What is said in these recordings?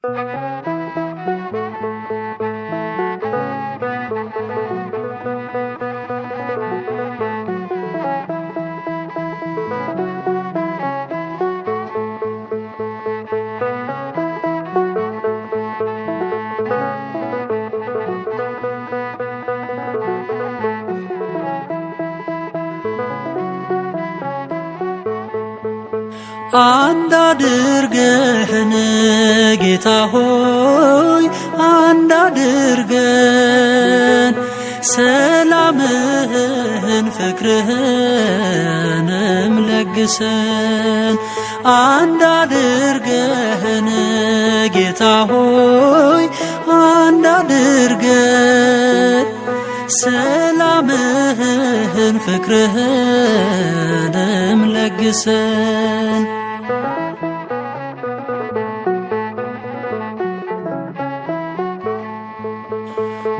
Thank you. አንድ አድርገህን ጌታ ሆይ አንድ አድርገን ሰላምህን ፍቅርህንም ለግሰን አንድ አድርገህን ጌታ ሆይ አንድ አድርገን ሰላምህን ፍቅርህንም ለግሰን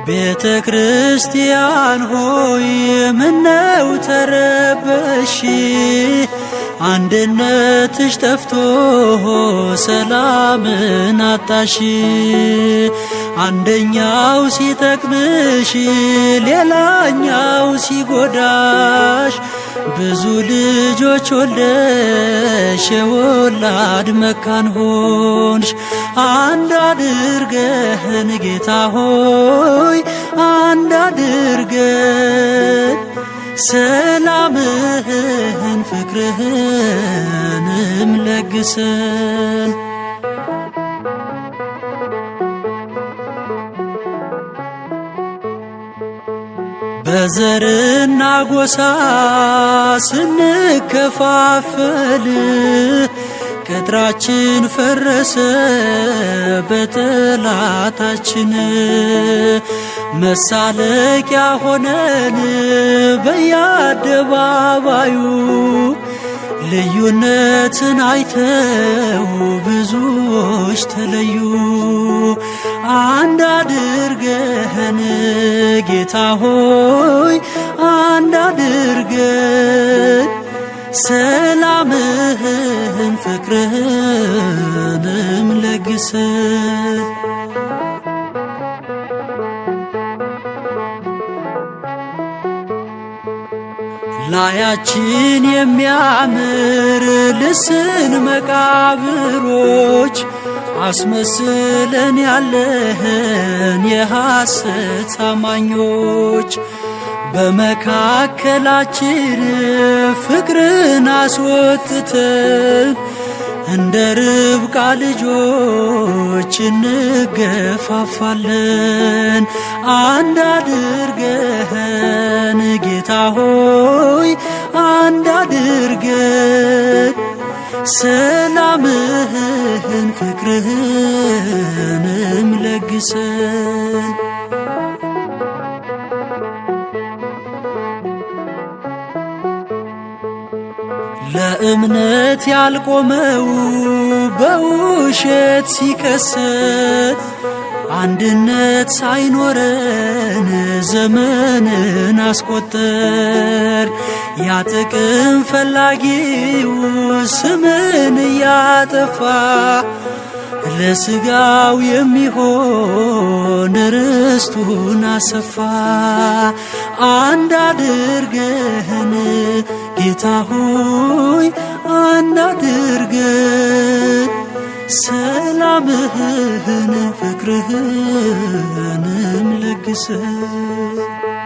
ቤተ ክርስቲያን ሆይ ምነው ተረበሽ? አንድነትሽ ጠፍቶ ሰላምን አጣሽ። አንደኛው ሲጠቅምሽ ሌላኛው ሲጎዳሽ ብዙ ልጆች ወለሽ የወላድ መካን ሆንሽ። አንድ አድርገን ጌታ ሆይ አንድ አድርገን ሰላምህን ፍቅርህንም ለግሰን በዘርና ጎሳ ስንከፋፈል ቅጥራችን ፈረሰ በጠላታችን መሳለቂያ ሆነን በየአደባባዩ ልዩነትን አይተው ብዙዎች ተለዩ። አንድ አድርገህን ጌታ ሆይ ሰላምህን ፍቅርህንም ለግሰ ላያችን የሚያምር ልስን መቃብሮች አስመስለን ያለህን የሐሰት አማኞች በመካከላችን ፍቅርን አስወጥተ እንደ ርብቃ ልጆች እንገፋፋለን። አንድ አድርገህን ጌታ ሆይ አንድ አድርገን ሰላምህን ፍቅርህንም ለግሰን በእምነት ያልቆመው በውሸት ሲከሰት አንድነት ሳይኖረን ዘመንን አስቆጠር። ያ ጥቅም ፈላጊው ስምን እያጠፋ ለስጋው የሚሆን ርስቱን አሰፋ። አንድ አድርገህን ጌታ ሆይ አንድ አድርገን ሰላምህን ፍቅርህንም ለግሰን